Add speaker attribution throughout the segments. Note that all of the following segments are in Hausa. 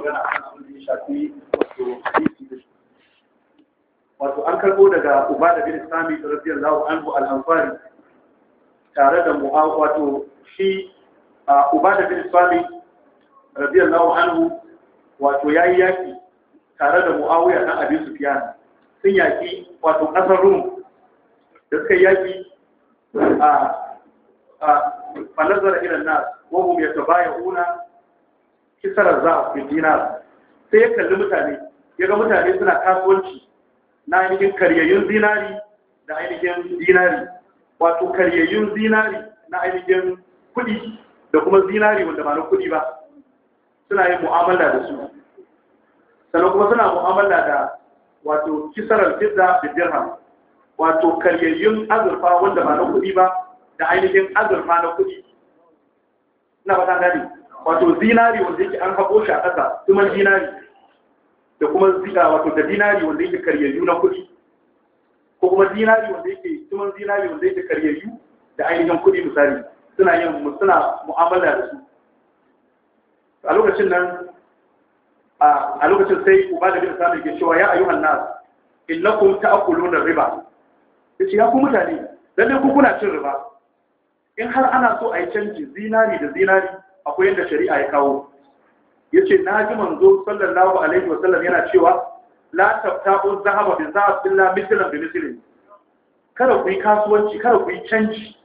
Speaker 1: magana akan abin da ya shafi wato hadisi da shi wato an karbo daga da bin sami radiyallahu anhu al-ansari tare da mu'awiya wato shi ubada bin sami radiyallahu anhu wato yayi yaki tare da na abin su sufyan sun yaki wato ƙasar rum da suka yaki a a fanazara ila nas wa hum yatabayuna kisarar za a fi dinar sai ya kalli mutane ya ga mutane suna kasuwanci na ainihin karyayyun zinari da ainihin zinari wato karyayyun zinari na ainihin kuɗi da kuma zinari wanda ba na kuɗi ba suna yin mu'amala da su sannan kuma suna mu'amala da wato kisarar fidda da dirham wato karyayyun azurfa wanda ba na kuɗi ba da ainihin azurfa na kuɗi na ba ta gani wato zinari wanda yake an haɓo shi a ƙasa kuma zinari da kuma zika wato da zinari wanda yake karyayyu na kuɗi ko kuma zinari wanda yake kuma zinari wanda yake karyayyu da ainihin kuɗi misali suna yin suna mu'amala da su a lokacin nan a lokacin sai uba da bin samun ke cewa ya ayyuhan nas innakum ta'kuluna riba yace ya ku mutane lalle ku kuna cin riba in har ana so a yi canji zinari da zinari akwai yadda shari'a ya kawo ya ce na ji manzo sallallahu alaihi wasallam yana cewa la tabtabun zahaba bin zahab illa mithlan bi mithlin kada ku yi kasuwanci kada ku yi canji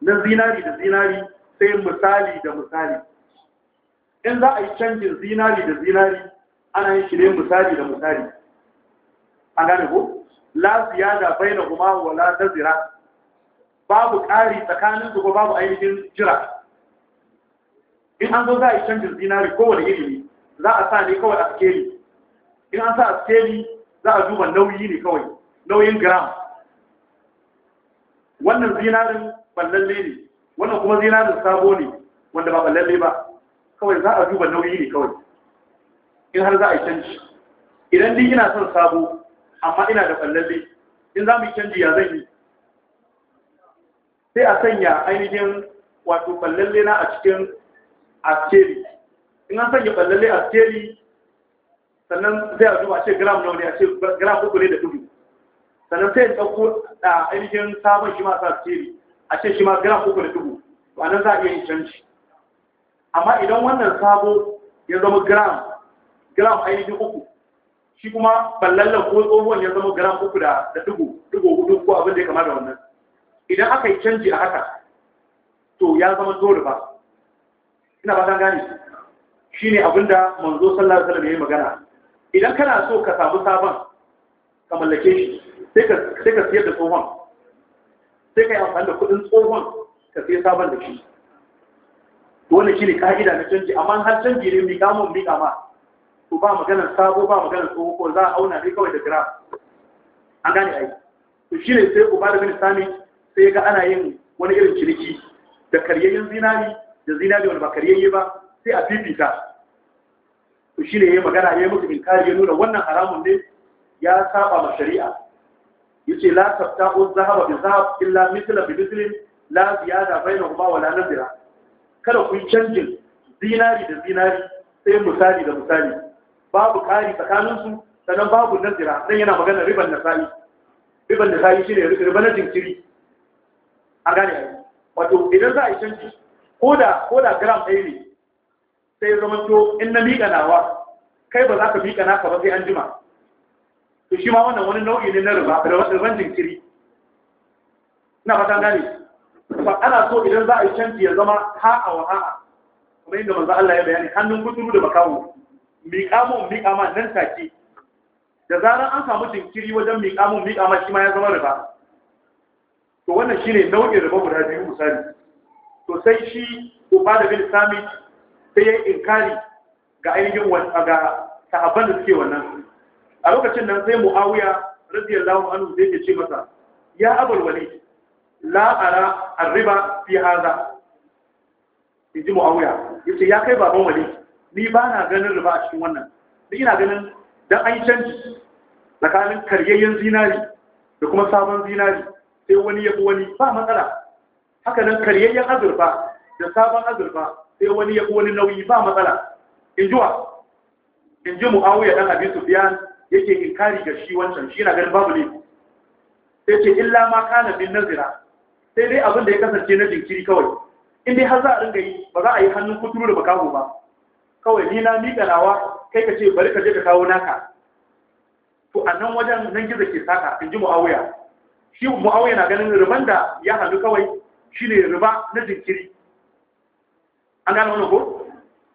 Speaker 1: na zinari da zinari sai misali da misali in za a yi canjin zinari da zinari ana yin shi misali da misali an gane ko la ziyada bainahuma wala tazira babu ƙari tsakanin su ko babu ainihin jira in an zo za a yi canjin zinari kowane iri ne za a sa ne kawai a skeli in an sa a skeli za a duba nauyi ne kawai nauyin gram wannan zinarin ballalle ne wannan kuma zinarin sabo ne wanda ba ballalle ba kawai za a duba nauyi ne kawai in har za a yi canji idan ni ina son sabo amma ina da ballalle in za mu yi canji ya zan yi sai a sanya ainihin wato ballalle na a cikin askeri in an sanya ballalle askeri sannan zai a ce gram nawa a ce gram uku ne da dubu sannan sai ɗauko a ainihin sabon shi ma sa askeri a ce shi ma gram uku da dubu to anan za a iya yin canji amma idan wannan sabo ya zama gram gram ainihin uku shi kuma ballallen ko tsohon ya zama gram uku da dubu dubu hudu ko abin da ya kama da wannan idan aka yi canji a haka to ya zama dole ba ina ba ta gane ne abinda manzo sallar da ya yi magana idan kana so ka samu sabon ka mallake shi sai ka siyar da tsohon sai ka yi amfani da kuɗin tsohon ka siya sabon da shi shi shine ka'ida na canji amma har canji ne mi kamo mi gama ko ba maganar sabo ba maganar tsoho ko za a auna ne kawai da gira. an gane ai to ne sai da bin sami sai ga ana yin wani irin ciniki da karyayyen zinari da zinari wani bakariyayye ba sai a fifita to shi ne ya magana ya yi musu inkari ya nuna wannan haramun ne ya saba ma shari'a ya ce la tafta ko zahaba bi zahab illa mitla bi mitlin la ziyada kuma wala nazira kada ku yi canjin zinari da zinari sai misali da misali babu kari tsakaninsu sannan babu nazira dan yana magana riban nasai riban nasai ne riban na jinkiri a gane wato idan za a yi canji ko da gram ɗaya ne sai zama to in na miƙa nawa kai ba za ka miƙa naka ba sai an jima to shi ma wannan wani nau'i ne na riba da riban jinkiri ina fata gane ba ana so idan za a yi canji ya zama ha'a wa ha'a kamar yadda manzo Allah ya bayani hannun kuturu da makawo miƙa mun miƙa ma nan take da zarar an samu jinkiri wajen miƙa mun miƙa ma shi ma ya zama riba to wannan shine nau'in riba guda biyu misali to sai shi ubada bin samit sai ya inkari ga ainihin wasa ga sahabban da suke wannan a lokacin nan sai muawiya radiyallahu anhu zai ke ce masa ya abul wali la ara arriba fi hada inji muawiya yace ya kai baban wali ni ba na ganin riba a cikin wannan ni ina ganin dan an canji tsakanin karyayyen zinari da kuma sabon zinari sai wani ya wani ba matsala haka nan karyayyen azurfa da sabon azurfa sai wani ya wani nauyi ba matsala in jiwa in ji ya ɗan abin biya yake inkari ga shi wancan shi na ganin babu ne sai ce illa ma kana bin nazira sai dai abin da ya kasance na jinkiri kawai in dai har za a ringa yi ba za a yi hannun kuturu da makaho ba kawai ni na miƙa nawa kai ka ce bari ka je ka kawo naka to a nan wajen nan gizo ke saka in ji mu'awiya shi mu'awiya na ganin riban ya hannu kawai ne riba na jinkiri an gano wannan ko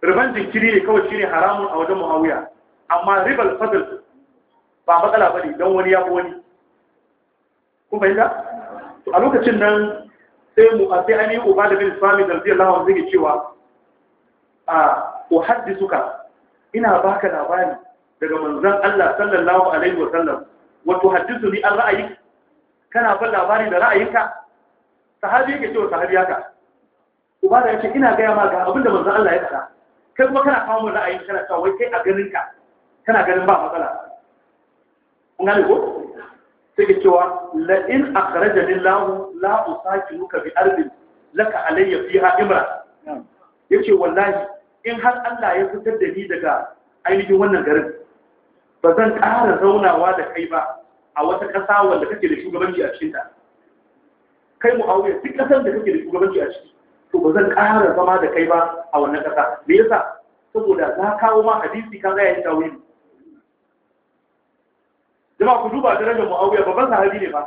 Speaker 1: riban jinkiri ne kawai shine haramun a wajen muawiya amma ribar fadl ba matsala ba ne don wani ya wani kun fahimta to a lokacin nan sai mu a sai an yi uba da bin sami da radiyallahu anhu zai cewa a suka, ina baka labari daga manzon Allah sallallahu alaihi Wasallam. sallam wato haddisu ni an ra'ayi kana ba labari da ra'ayinka sahabi yake cewa sahabi haka uba da ce ina gaya ma ga abinda manzo Allah ya faɗa kai kuma kana kawo mun ra'ayi kana cewa wai kai a ganin ka kana ganin ba matsala kun gane ko sai ke cewa la in akhraja lillahu la usakinuka bi ardin laka alayya fiha imra yace wallahi in har Allah ya fitar da ni daga ainihin wannan garin ba zan ƙara zaunawa da kai ba a wata ƙasa wanda kake da shugabanci a cikinta kai mu'awiya duk kasar da kake da shugabanci a ciki to ba zan ƙara zama da kai ba a wannan ƙasa me yasa saboda za kawo ma hadisi ka ga yayin tawili jama'a ku duba darajar mu'awiya babban sahabi ne ba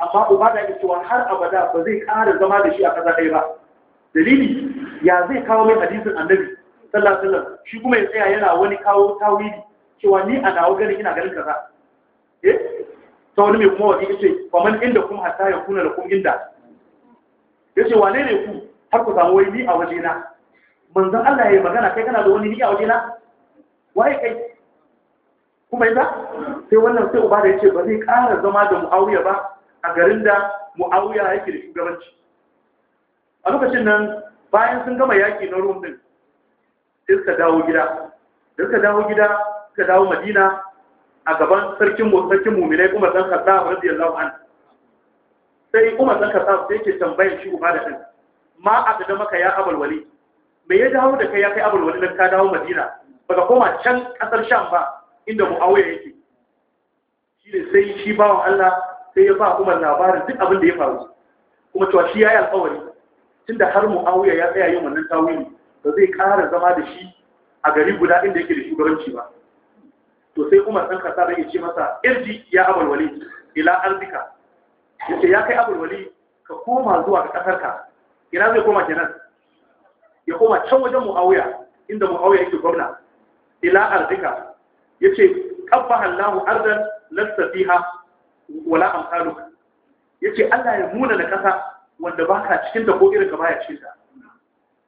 Speaker 1: amma uba da yake cewa har abada ba zai ƙara zama da shi a ƙasa ɗaya ba dalili ya zai kawo mai hadisin annabi sallallahu alaihi wasallam shi kuma ya tsaya yana wani kawo tawili cewa ni a nawa ganin ina ganin kaza eh ta wani mai kuma wani yace faman inda kuma hata ya kuna da kun inda ce wane ne ku har ku samu wani ni a waje na manzon Allah ya yi magana kai kana da wani ni a waje na waye kai kuma yadda sai wannan sai uba da ce ba zai ƙara zama da mu'awuya ba a garin da ya yake da shugabanci a lokacin nan bayan sun gama yaki na Rum din sai suka dawo gida da suka dawo gida suka dawo Madina a gaban sarkin sarkin mu'minai kuma san Khattab radiyallahu an sai kuma san Khattab sai ke tambayar shi da din ma a da maka ya Abul Walid me ya dawo da kai ya kai Abul Walid ka dawo Madina baka koma can kasar Sham ba inda Muawiya yake shi ne sai shi bawan Allah sai ya ba kuma labarin duk abin da ya faru kuma cewa shi ya yi alkawari tunda har Muawiya ya tsaya yin wannan tawili ba zai ƙara zama da shi a gari guda inda yake da shugabanci ba to sai Umar dan da ya ce masa irji ya abalwali. ila arzika ce ya kai abalwali ka koma zuwa ga kasarka ina zai koma kenan ya koma can wajen mu'awuya inda mu'awuya yake gwamna ila arzika ce ƙabba Allahu arzan lasta fiha wala Ya ce Allah ya muna da ƙasa wanda baka cikin ta ko irin ka baya ce ta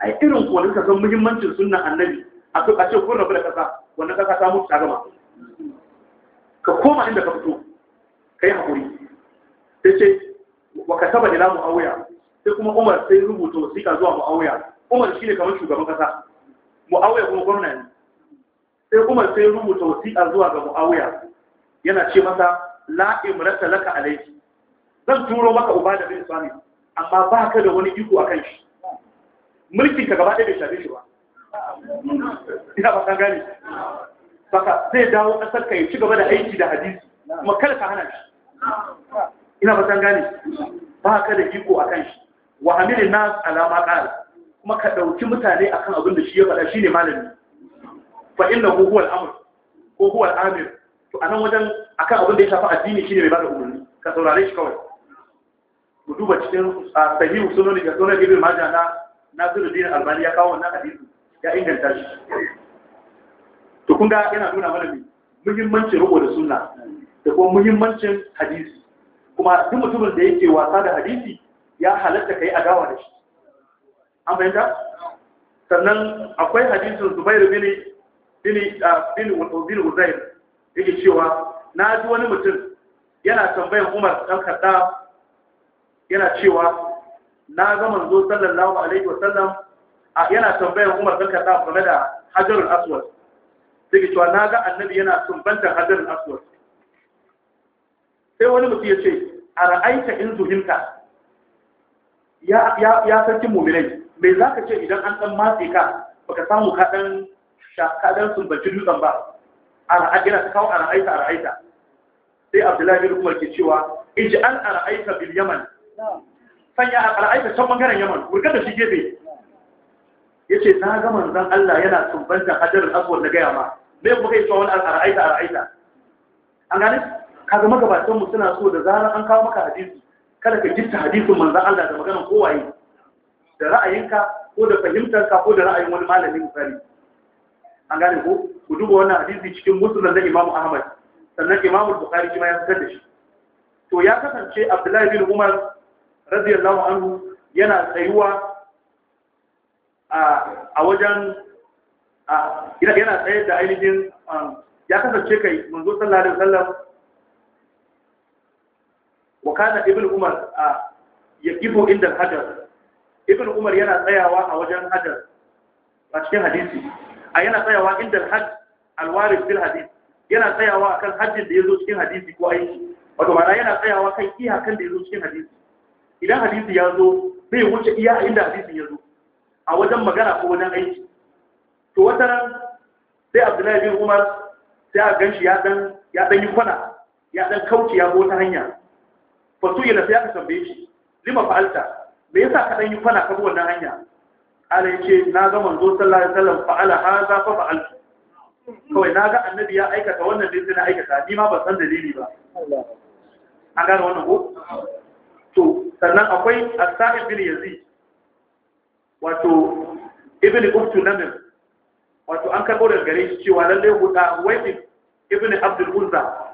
Speaker 1: ai irin ko ka san muhimmancin sunan annabi a ce kun rabu da kasa wanda kasa ta mutu ta gama ka koma inda ka fito ka yi haƙuri sai ce wa ka saba lamu auya sai kuma umar sai rubuta wasiƙa zuwa mu'awiya umar shi ne kamar shugaban ƙasa mu'awiya kuma gwamna ne sai umar sai rubuta wasiƙa zuwa ga mu'awiya yana ce masa la'im rasa laka laifi.' zan turo maka uba da bin sami amma ba ka da wani iko a kan shi mulkinka ka gaba ɗaya bai shafe shi ba ina ba kan gane baka zai dawo ƙasar ka ya ci gaba da aiki da hadisi kuma kada ka hana shi ina ba san gane ba ka da iko kan shi wa hamili na alama ƙara. kuma ka ɗauki mutane akan abin da shi ya faɗa shi ne malami fa inna huwa al-amr ko huwa amir to anan wajen akan abin da ya shafi addini shine mai bada umarni ka saurare shi kawai mu duba cikin sahihu sunan da sunan ibn majah na nasiruddin albani ya kawo wannan hadisi ya inganta shi to kun ga yana nuna mana ne muhimmancin rubo da sunna da kuma muhimmancin hadisi kuma duk mutumin da yake wasa da hadisi ya halatta kai adawa da shi an fahimta sannan akwai hadisin Zubair bin bin ah, bin bin Uzair yake cewa na ji wani mutum yana tambayan Umar dan kadda yana cewa na ga manzo sallallahu alaihi wasallam yana tambayan Umar dan Khattab game da Hajarul Aswad sai cewa na ga annabi yana sumbantar hadarin aswad sai wani mutum ya ce a ra'aita in zuhinta ya sarki muminai mai za ka ce idan an ɗan matse ka baka samu kaɗan kaɗan sumbanci dutsen ba a ra'aita ta kawo a ra'aita a ra'aita sai abdullahi bin umar ke cewa iji an a ra'aita bil yaman sanya a ra'aita can bangaren yaman wurga da shi gefe yace na ga Manzan Allah yana tumbanta hajarul abuwar na gaya ma me kuma kai cewa wani ara'aita an gane kaga magabatan mu suna so da zarar an kawo maka hadisi kada ka gifta hadisin manzon Allah da maganar kowaye da ra'ayinka ko da fahimtarka ko da ra'ayin wani malami misali an gane ko ku duba wannan hadisi cikin musulun na imamu ahmad sannan imamu bukari shi ma ya fitar da shi to ya kasance abdullahi bin umar radiyallahu anhu yana tsayuwa a wajen yana tsayar da ainihin um, ya kasance kai manzo sallallahu alaihi wasallam wa kana ibn umar ya kifo inda hajar ibn umar yana tsayawa a wajen hajar a cikin hadisi a yana tsayawa inda hajj alwaris fil hadisi yana tsayawa kan hajjin da ya zo cikin hadisi ko aiki wato ma'ana yana tsayawa kan iyakan da ya zo cikin hadisi idan hadisi ya zo zai wuce iya inda hadisin ya zo a wajen magana ko wajen aiki to wata ran sai abdullahi bin umar sai a ganshi ya dan ya dan yi kwana ya dan kauce ya go ta hanya fa su yana sai aka tambaye shi lima fa'alta me yasa ka dan yi kwana ka bi wannan hanya ala yace na ga manzo sallallahu alaihi wasallam fa'ala hadha fa fa'altu kawai na ga annabi ya aikata wannan dai sai na aikata ni ma ban san dalili ba an gane wannan ko to sannan akwai as-sa'id bin yazid wato ibn uktu namim wato an karɓo daga gare shi cewa lallai huɗa wai ibn abdul uzza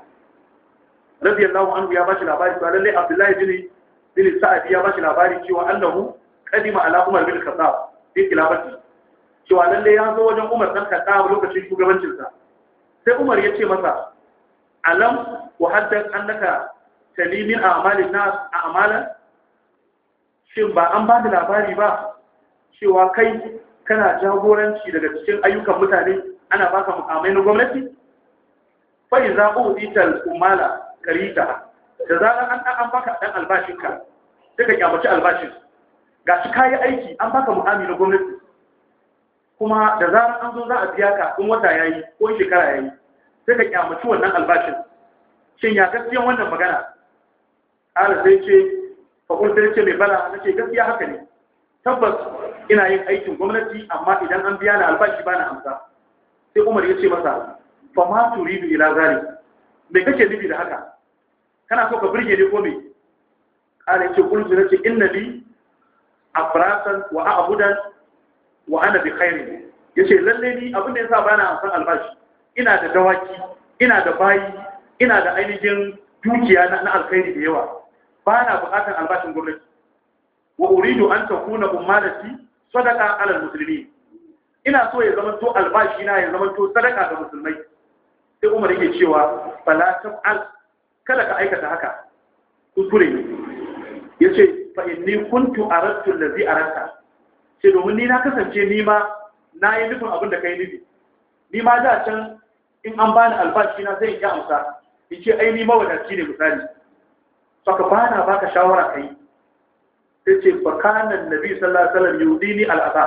Speaker 1: radiyallahu anhu ya bashi labari cewa lallai abdullahi bin bin sa'adi ya bashi labari cewa annahu qadima ala umar bin khattab fi khilafati cewa lallai ya zo wajen umar dan khattab lokacin shugabancinsa sai umar ya ce masa alam wa haddath annaka talimin a'malin nas a'malan shin ba an ba da labari ba cewa kai kana jagoranci daga cikin ayyukan mutane ana baka mukamai na gwamnati fai za ku ita umala karita da zarar an an baka dan albashinka sai ka kyamaci albashin ga shi kayi aiki an baka mukami na gwamnati kuma da zarar an zo za a biya ka in wata yayi ko shekara yayi sai ka kyamaci wannan albashin shin ya gaskiya wannan magana ala sai ce fakul sai ce mai bala nace gaskiya haka ne tabbas ina yin aikin gwamnati amma idan an biya na albashi ba na amsa sai umar ya ce masa fa ma turidu ila zari me kake nufi da haka kana so ka burge ni ko me ala ce kullu nace afrasan wa a'budan wa ana bi khairin yace lalle ni abin da yasa bana amsan albashi ina da dawaki ina da bayi ina da ainihin dukiya na alkhairi da yawa bana bukatar albashin gwamnati wa uridu an takuna ummalati sadaka alal musulmi ina so ya zama to albashi na ya zama to sadaka ga musulmai sai umar yake cewa fala taf'al kada ka aikata haka kuskure ne yace fa inni kuntu aradtu allazi aradta ce domin ni na kasance ni ma na yi nufin abin da kai nufi ni ma da can in an bani albashi na zai yi amsa in ce ai ni mawadaci ne misali saka bana baka shawara kai sai ce "Bakanan nabi sallallahu alaihi wasallam yudini al'aba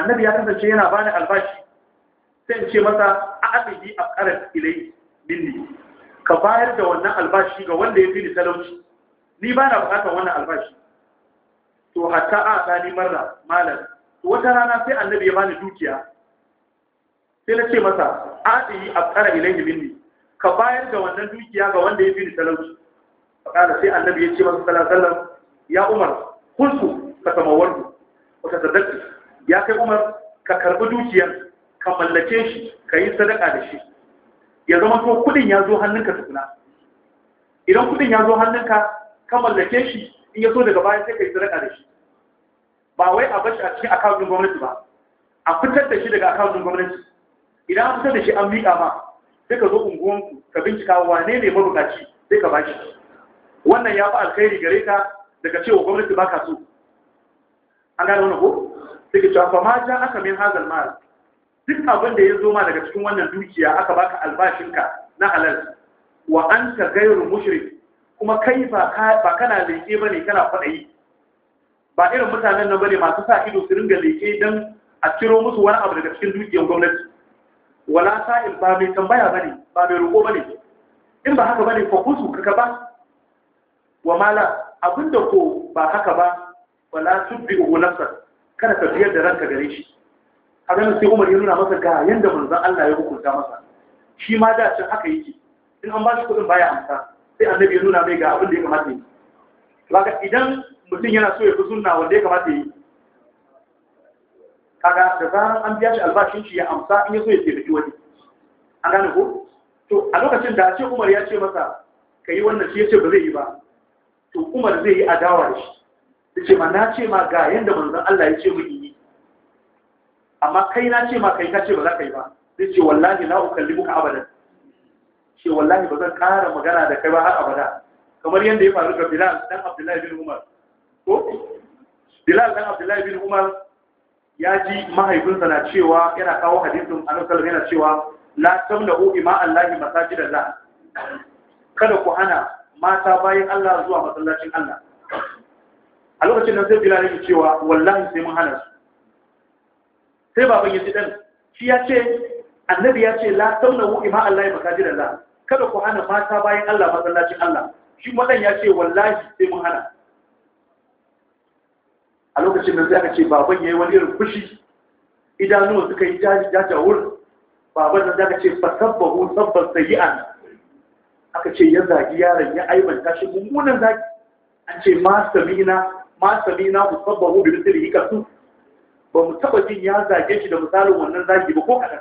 Speaker 1: annabi ya kasance yana bani albashi sai in ce masa a'abihi afqarat ilai minni ka bayar da wannan albashi ga wanda ya fi ni talauci ni ba na bukatar wannan albashi to hatta a tsani marra malam to wata rana sai annabi ya bani dukiya sai na ce masa a'abihi afqara ilai minni ka bayar da wannan dukiya ga wanda ya fi ni talauci fakala sai annabi ya ce masa sallallahu alaihi wasallam ya umar kulku ka samawarku wata sadaki ya kai umar ka karbi dukiyar ka mallake shi ka yi sadaka da shi ya zama to kudin ya zo hannunka tukuna idan kudin ya zo hannunka ka mallake shi in ya so daga baya sai ka yi sadaka da shi ba wai a bashi a cikin akawunin gwamnati ba a fitar da shi daga akawunin gwamnati idan a fitar da shi an miƙa ma sai ka zo unguwanku ka bincika wane ne mabukaci sai ka bashi wannan ya fi alkhairi gare ka daga cewa gwamnati ba ka so an gane wani ko sai ka cewa ma ja aka min hazal mal duk abin da ya zo ma daga cikin wannan dukiya aka baka albashinka na halal wa anta gairu mushrik kuma kai ba ba kana leke bane kana faɗayi ba irin mutanen nan bane masu sa ido su ringa leke dan a ciro musu wani abu daga cikin dukiyar gwamnati wala sa'il ba mai tambaya bane ba mai roƙo bane in ba haka bane fa kusu kaka ba wa mala abinda ko ba haka ba wala tubbi uhu nafsa kada ka biyar da ranka gare shi a ganin sai umar ya nuna masa ga yanda manzan Allah ya hukunta masa shi ma da can haka yake in an ba shi kuɗin baya amsa sai annabi ya nuna mai ga abin da ya kamata yi kaga idan mutum yana so ya fi sunna wanda ya kamata yi kaga da zaran an biya shi albashin shi ya amsa in ya so ya taimaki wani an gane ko to a lokacin da a ce umar ya ce masa ka yi wannan shi ya ce ba zai yi ba to umar zai yi adawa da shi da ce ma na ce ma ga yadda manzan Allah ya ce mun yi amma kai na ce ma kai ka ce ba za ka yi ba zai ce wallahi na libu ka abadan ce wallahi ba zan kara magana da kai ba har abada kamar yadda ya faru ga Bilal dan Abdullahi bin Umar ko Bilal dan Abdullahi bin Umar ya ji mahaifinsa na cewa yana kawo hadisin Annabi sallallahu yana cewa la tamna'u ima'allahi Allahi masajidallah kada ku hana mata bayan Allah zuwa masallacin Allah a lokacin nan sai bilal yake cewa wallahi sai mun hana su sai baban yaji dan shi ya ce annabi ya ce la wu ima Allah ya makaji da Allah kada ku hana mata bayan Allah masallacin Allah shi madan ya ce wallahi sai mun hana a lokacin nan sai aka ce baban yayi wani irin fushi idanuwa suka yi jaji wurin baban nan zaka ce fasabbahu sabban sayyi'an aka ce ya zagi yaron ya aibanta shi mummunan zagi an ce ma samina ma samina musabbahu bi mithlihi kasu ba mu taba jin ya zage shi da misalin wannan zagi ba ko kadan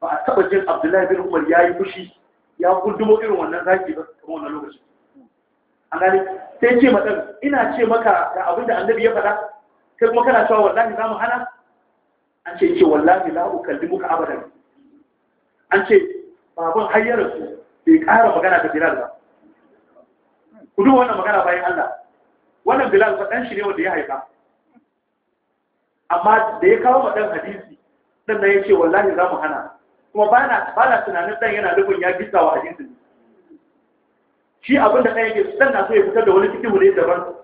Speaker 1: ba a taba jin Abdullahi bin Umar ya yi fushi ya kundumo irin wannan zagi ba kamar wannan lokaci an gani sai ce mata ina ce maka da abin da annabi ya faɗa kai kuma kana cewa wallahi za mu hana an ce ce wallahi la ukallimuka abadan an ce baban har ya rasu bai ƙara magana da bilal ba ku duba wannan magana bayan Allah wannan bilal ba ɗan shi ne wanda ya haifa amma da ya kawo ɗan hadisi ɗan na ya ce wallahi za mu hana kuma ba na tunanin ɗan yana nufin ya gisa wa hadisi shi abinda ɗan yake ɗan na so ya fitar da wani cikin wuri daban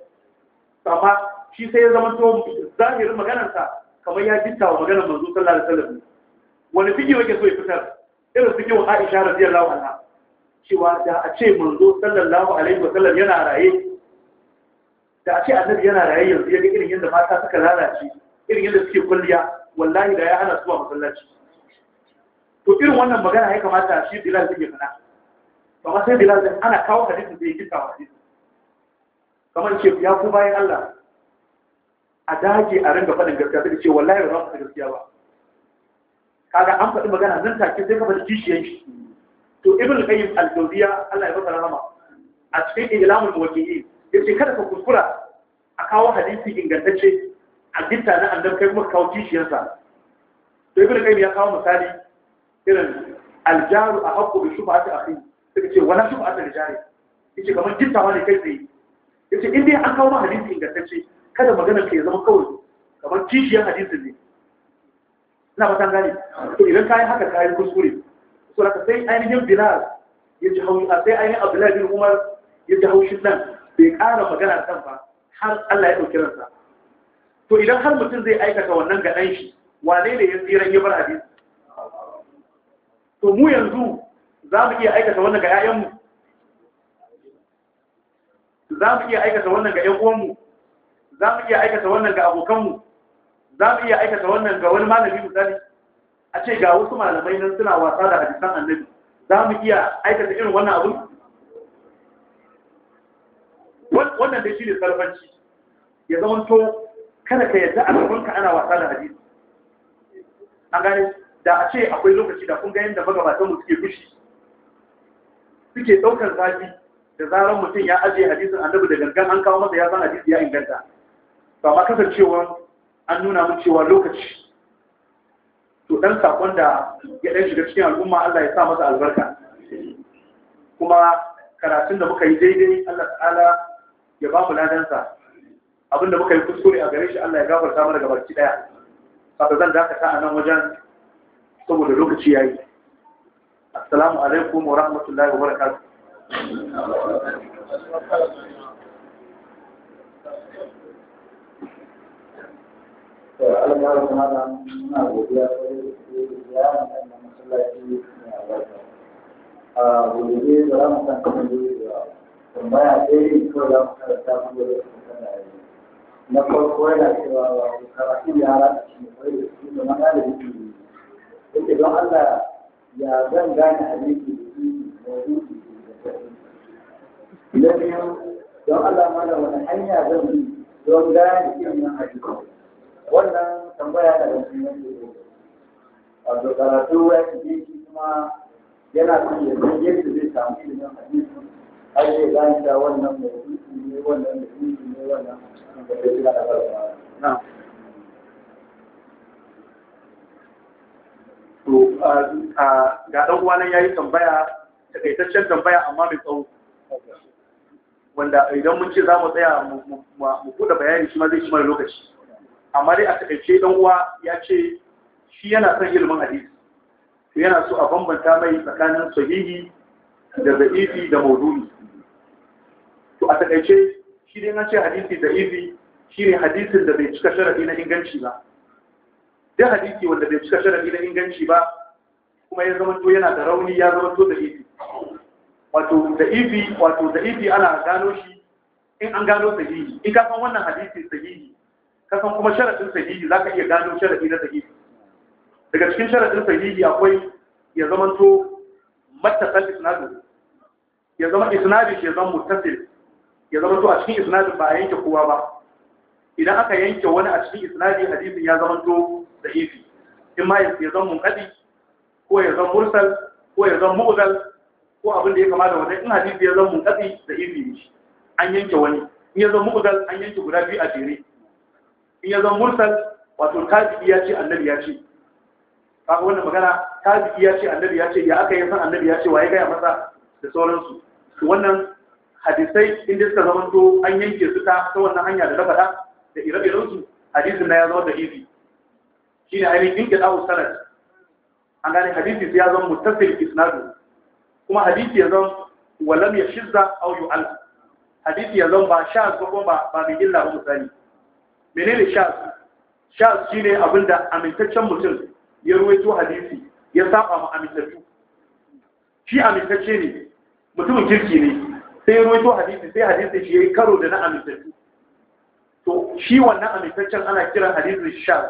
Speaker 1: amma shi sai ya zama tuwon zahirin maganarsa kamar ya gisa wa maganar manzo sallallahu alaihi wasallam wani fiƙi yake so ya fitar irin fiƙin Aisha radiyallahu anha cewa da a ce manzo sallallahu alaihi wasallam yana raye da a ce annabi yana raye yanzu ya ga irin yadda mata suka lalace irin yadda suke kulliya wallahi da ya hana zuwa masallaci to irin wannan magana ya kamata shi Bilal zai fada ba sai Bilal zai ana kawo hadisi zai kika wa hadisi kamar ce ya ku bayan Allah a dage a ringa faɗin gaskiya sai ce wallahi ba za mu faɗi gaskiya ba kaga an faɗi magana nan take sai ka faɗi kishiyan shi to ibn qayyim al-jawziya Allah ya baka rahama a cikin ilamul muwaqqi'in yace kada ka kuskura a kawo hadisi ingantacce a gitta na annabi kai kuma kawo kishiyarsa to ibn qayyim ya kawo misali irin aljaru a haqqu bi shubhati akhi sai ce wala shubhati rijali yace kamar gittawa ne kai tsaye yace in dai an kawo ma hadisi ingantacce kada maganar ka ya zama kawai kamar kishiyar hadisin ne ina fatan gane to idan kayi haka kayi kuskure so sai ainihin bilal ya ji haushi sai ainihin abdullahi bin umar ya ji haushin nan bai ƙara magana kan ba har allah ya ɗauki ransa to idan har mutum zai aikata wannan ga ɗan shi wane ne ya tsiran ya bar hadisi to mu yanzu za mu iya aikata wannan ga 'ya'yanmu za mu iya aikata wannan ga 'yan za mu iya aikata wannan ga abokanmu za mu iya aikata wannan ga wani malami misali a ce ga wasu malamai nan suna wasa da hadisan annabi za mu iya aikata irin wannan abu wannan da shi ne sarfanci ya zamanto kada ka yadda a gaban ka ana wasa da hadisi an gane da a ce akwai lokaci da kun ga yadda magabatanmu suke fushi suke ɗaukar zafi da zarar mutum ya ajiye hadisin annabi da gangan an kawo masa ya san hadisi ya inganta ba ma kasancewa an nuna mun cewa lokaci to dan sakon da ya dan shiga cikin al'umma Allah ya sa masa albarka kuma karatun da muka yi daidai Allah ta'ala ya ba mu ladansa abinda muka yi kuskure a gare shi Allah ya gafarta mana gaba ki daya saka zan dakata a nan wajen saboda lokaci yayi assalamu alaikum wa rahmatullahi wa barakatuh
Speaker 2: فألم يعرف هذا من أبويا ويا أن مسلاتي ويجي ولا مكان tambaya ɗaya ko da makaranta kuma da su tana yi na farko yana cewa wa karatu yara a cikin kwai da su da mana da yake yake don Allah ya zan gane hadisi da su mawuzi da su na biyu don Allah mana wani hanya zan bi don gane irin hadisi wannan tambaya da wasu yanzu wato karatu ya shige shi kuma yana son yanzu. san yadda zai samu ilimin hadisi har zai gane da wannan mai mawdu'i ne wannan mai mawdu'i ne wannan da ke kira da farko na
Speaker 1: to ga dan uwa nan yayi tambaya takaitaccen tambaya amma mai tsawo wanda idan mun ce za mu tsaya mu buɗe bayani shi ma zai ci mara lokaci amma dai a takaice dan uwa ya ce shi yana son ilimin hadisi to yana so a bambanta mai tsakanin sahihi da da'ifi da mawdu'i to a takaice shi dai an ce hadisi da'ifi shine hadisin da bai cika sharadi na inganci ba duk hadisi wanda bai cika sharadi na inganci ba kuma ya zama to yana da rauni ya zama to da'ifi wato da'ifi wato da'ifi ana gano shi in an gano sahihi in ka san wannan hadisi sahihi kasan kuma sharadin sahihi za ka iya gano sharadi na sahihi daga cikin sharadin sahihi akwai ya zamanto matasar isnadu ya zama isnadu ya zama mutasir ya zamanto a cikin isnadu ba a yanke kowa ba idan aka yanke wani a cikin isnadu hadisin ya zamanto sahihi in ma ya zama munkadi ko ya zama mursal ko ya zama mu'zal ko abin da ya kama da wannan in hadisi ya zama munkadi sahihi ne an yanke wani in ya zama mu'zal an yanke guda biyu a jere in ya zan mursal wato tabi'i ya ce annabi ya ce kaga wannan magana tabi'i ya ce annabi ya ce ya aka yi san annabi ya ce waye gaya masa da sauransu to wannan hadisai inda suka zama to an yanke su ta ta wannan hanya da na faɗa da ire-iren su hadisin na ya zama da izi shine ainihin inke dawo sanar? an gane hadisi ya zama muttasil isnadu kuma hadisi ya zama walam ya shirza aw yu'al hadisi ya zama ba sha ko ba ba bi illa ba misali menene shaz shaz shine abinda amintaccen mutum ya ruwaito hadisi ya saba ma amintattu shi amintacce ne mutumin kirki ne sai ya ruwaito hadisi sai hadisi shi yayi karo da na amintattu to shi wannan amintaccen ana kiran hadisin shaz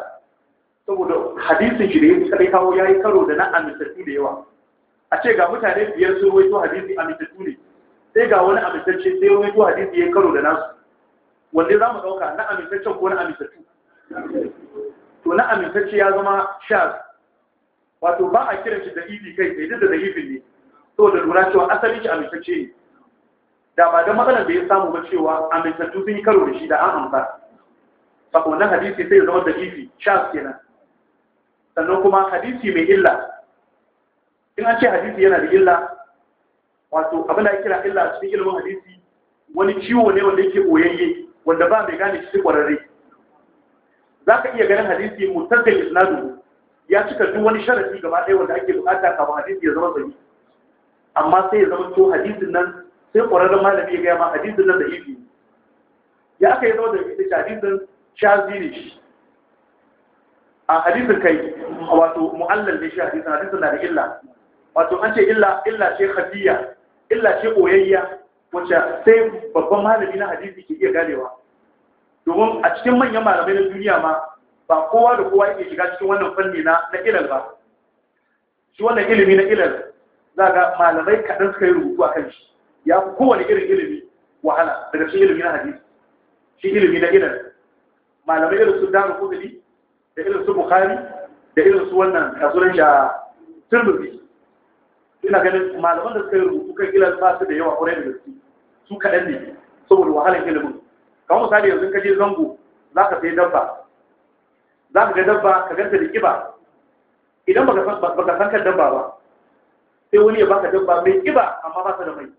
Speaker 1: saboda hadisin shi da ya kai kawo yayi karo da na amintattu da yawa a ce ga mutane biyar sun ruwaito hadisi amintattu ne sai ga wani amintacce sai ya ruwaito hadisi yayi karo da nasu wanne za mu ɗauka na amintaccen ko na amintattu to na amintacce ya zama shaz wato ba a kiran shi da ibi kai sai duk da ibin ne saboda lura cewa asali shi amintacce ne da ba da matsalar da ya samu ba cewa amintattu sun yi karo da shi da an amsa sako wannan hadisi sai ya zama da ibi shaz kenan sannan kuma hadisi mai illa in an ce hadisi yana da illa wato abin da kira illa a cikin ilimin hadisi wani ciwo ne wanda yake oyayye wanda ba mai gane shi kwararre za ka iya ganin hadisi mutazzal isnadu ya cika duk wani sharafi gaba ɗaya wanda ake bukata kafin hadisi ya zama sahihi amma sai ya zama to hadisin nan sai kwararren malami ya gaya ma hadisin nan da ifi ya aka yi zama da ifi hadisin sha ne shi a hadisin kai wato mu'allal ne shi hadisin hadisin na da illa wato an ce illa illa ce khafiyya illa ce koyayya wacce sai babban malami na hadisi ke iya ganewa domin a cikin manyan malamai na duniya ma ba kowa da kowa yake shiga cikin wannan fanni na na ilal ba shi wannan ilimi na ilal za ga malamai kaɗan suka yi rubutu a kan shi ya fi kowane irin ilimi wahala daga cikin ilimi na hadisi shi ilimi na ilal malamai irin su dama kudiri da irin su bukhari da irin su wannan kasuran sha turmuzi ina ganin malaman da suka yi rubutu kan ilan ba su da yawa kwarai da gaske su kaɗan ne saboda wahalar ilimin kamar misali yanzu ka je zango za ka sai dabba za ka ga dabba ka ganta da kiba idan ba ka san kan dabba ba sai wani ya baka dabba mai kiba amma ba ta da mai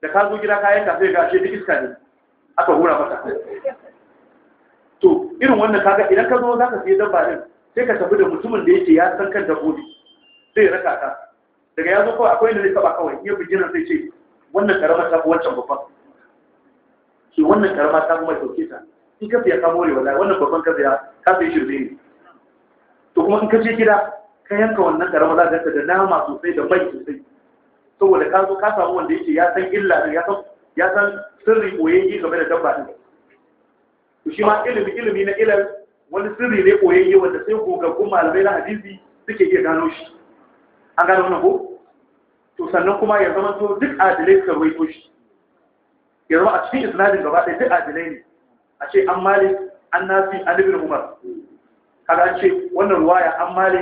Speaker 1: da ka zo gida kayan kafin ga shi duk iska ne aka hura mata to irin wannan kaga idan ka zo za ka sai dabba din sai ka tafi da mutumin da yake ya san kan dabbobi ya raka ka daga ya zo akwai da zai taba kawai iya bijinan sai ce wannan karama ta fi wancan babban ke wannan karama ta fi mai dauke ta in ka samu kamo rewa wannan babban ka ya ka fiye shirme ne to kuma in ka je gida ka yanka wannan karama za ka da nama sosai da mai sosai saboda ka zo ka samu wanda yake ya san illa ya san ya san sirri yi game da dabba ɗin to shi ma ilimi ilimi na ilal wani sirri ne yi wanda sai gogaggun malamai na hadisi suke iya gano shi an gane wannan ko to sannan kuma ya zama to duk adilai suka ruwaito shi ya zama a cikin isnadin gaba ɗaya duk adilai ne a ce an mali, an nafi an umar kaga ce wannan ruwaya an mali,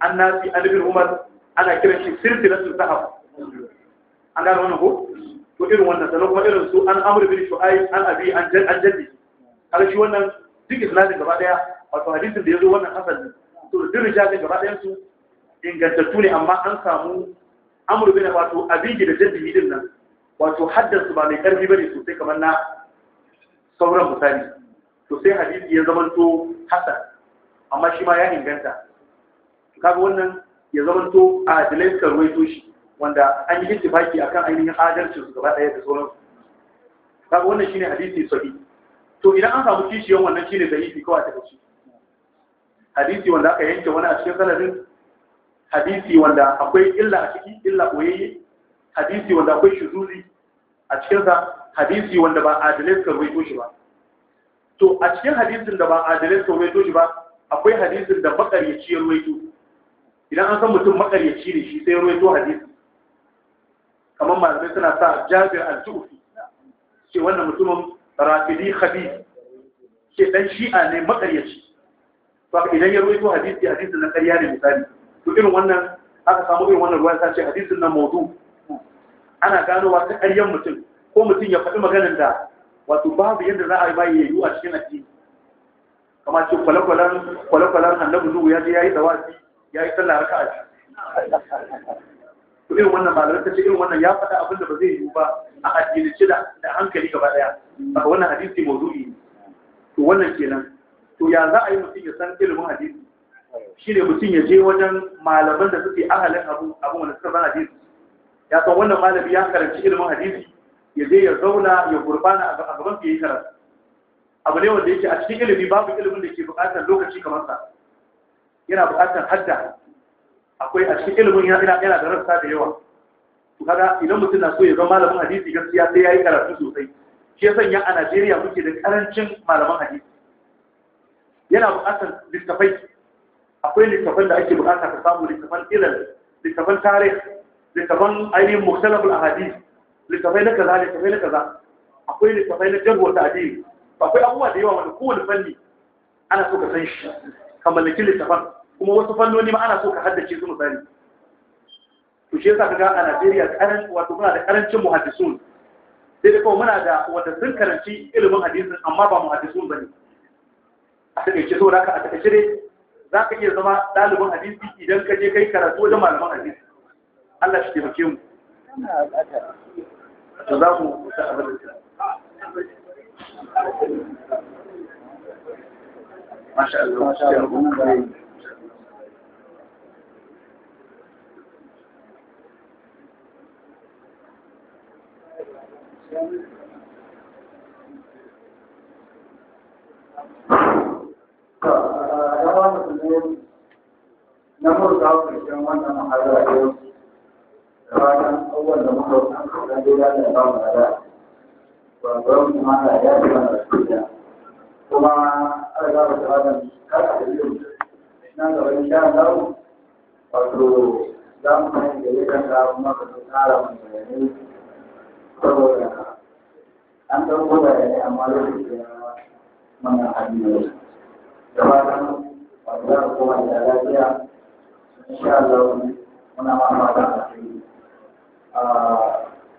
Speaker 1: an nafi an umar ana kiran shi silsilatul zahab an gane wannan ko to irin wannan sannan kuma irin su an amr bin shu'aib an abi an jaddi kaga shi wannan duk isnadin gaba ɗaya wato hadisin da ya zo wannan asali to duk rijalin gaba ɗayan su ingantattu ne amma an samu amur na wato abin da jaddi din nan wato haddansu ba mai karfi bane sosai kamar na sauran misali to sai hadisi ya zamanto hasa amma shi ma ya inganta kaga wannan ya zamanto adilai suka ruwaito shi wanda an yi a kan ainihin adalcin su gaba ɗaya da sauransu kaga wannan shine hadisi sahi to idan an samu kishiyan wannan shine da'ifi kawai ta kashi hadisi wanda aka yanke wani a cikin sanadin hadisi wanda akwai illa a ciki illa boyayye hadisi wanda akwai shuzuzi a cikinsa hadisi wanda ba adalai suka ruwaito shi ba to a cikin hadisin da ba adalai suka ruwaito shi ba akwai hadisin da makaryaci ya ruwaito idan an san mutum makaryaci ne shi sai ya ruwaito hadisi kamar malamai suna sa jabir al-jufi ce wannan mutumin rafidi khabi ce dan shi'a ne makaryaci to idan ya ruwaito hadisi hadisi na ƙarya ne misali to irin wannan aka samu irin wannan ruwa ta ce hadisin nan maudu ana ganowa ta ƙaryar mutum ko mutum ya faɗi maganar da wato babu yadda za a yi bayi yayu a cikin addini kamar ce kwale-kwalen annabi nuhu ya je ya yi dawafi ya yi sallah raka'a to irin wannan malamai ta ce irin wannan ya faɗa abin da ba zai yiwu ba a addinance da hankali gaba ɗaya daga wannan hadisi maudu'i to wannan kenan to ya za a yi mutum ya san ilimin hadisi shi ne mutum ya je wajen malaman da suke ahalin abu wanda suka san hadisi ya san wannan malami ya karanci ilimin hadisi ya je ya zauna ya gurbana a gaban fiye karatu abu ne wanda yake a cikin ilimi babu ilimin da ke bukatar lokaci kamar sa yana bukatar hadda akwai a cikin ilimin yana yana da rassa da yawa to kaga idan mutum na so ya zama malamin hadisi gaskiya sai yayi karatu sosai shi ya sanya a Najeriya muke da karancin malaman hadisi yana bukatar littafai akwai littafan da ake bukata ta samu littafan ilal littafan tarih littafan ainihin muktalafin ahadith littafai na kaza littafai na kaza akwai littafai na jarwa ta adil akwai abubuwa da yawa wanda kowane fanni ana so ka san shi ka mallaki littafan kuma wasu fannoni ma ana so ka haddace su misali to shi yasa kaga a Najeriya karan wato muna da karancin muhaddisun sai da kawai muna da wanda sun karanci ilimin hadisin amma ba muhaddisun bane a takaice saboda haka a takaice dai za ka iya zama ɗalibin hadisi idan ka je kai karatu wajen malaman hadisi Allah shi taimake mu za mu ta abin
Speaker 2: Masha ya ta ba mu da kuma ala ga ta ba da ka ta da yau nan da wani sha Allah ya a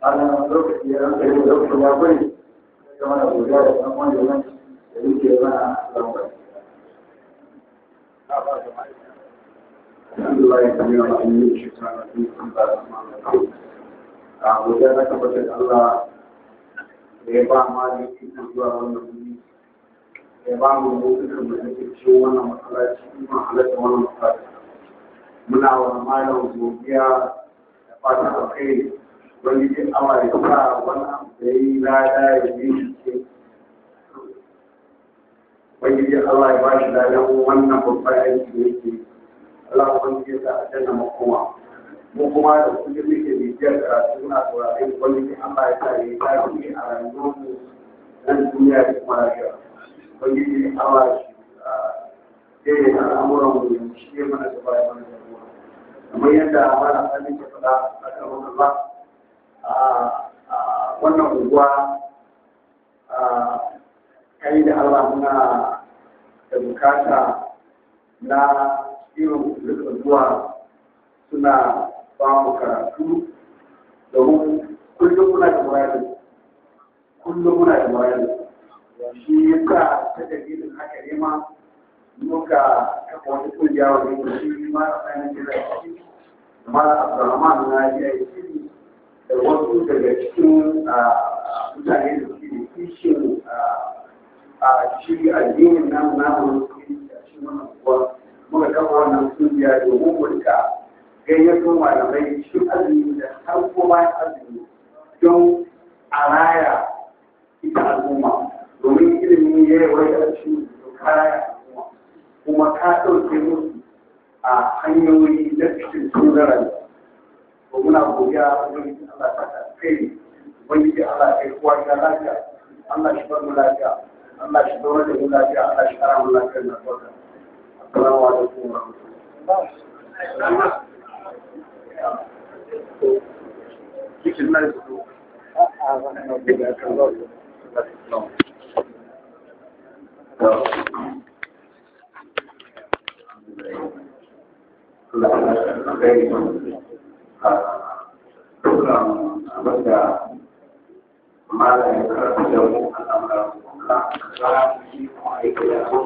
Speaker 2: har lokaci ya da da da da da A godiya na tabbatar da da da da Muna wa malam godiya da fatan alkhairi ubangijin Allah ya sa wani abu da ya yi lada ya yi shi wani ubangijin Allah ya ba shi ladan wannan babban aiki da yake Allah ubangijin sa a janna makoma mu kuma da kullum muke bibiyar karatu muna saurare ubangijin wani ya sa ya yi tasiri a rayuwarmu nan duniya da kuma lafiya ubangijin Allah shi ya yi ah, al'amuran mu shi ne mana gaba ya mana jagora kamar yadda mana sanin ya faɗa a kan Allah wannan unguwa ta yi da Allah muna da bukata na irin rika zuwa suna ba mu karatu domin kullum muna da murari kullum muna da murari shi yasa ta dalilin haka nema muka kafa wani kungiya wani shi ma a tsanin jira shi ma a tsaramanu na yi aiki da wasu daga cikin ah, mutane da suke da kishin a ah, ah, shi addinin namu namu a cikin wani kuwa muka kafa wannan kungiya domin mulka gayyato malamai cikin azumi da har ko azumi don a raya ita al'umma domin ilimi ya yi wata cikin kaya kuma ka ɗauke musu a hanyoyi na cikin sun to muna godiya wani Allah ta kai wani ke Allah kai kowa ta lafiya Allah shi bar mu lafiya Allah shi zaune mu lafiya Allah shi kara mu lafiya na sauka assalamu alaikum wa rahmatullahi Cikin na dukkan abin da malam ya karfi da mu al'amuran kuma za mu yi kuma aiki da su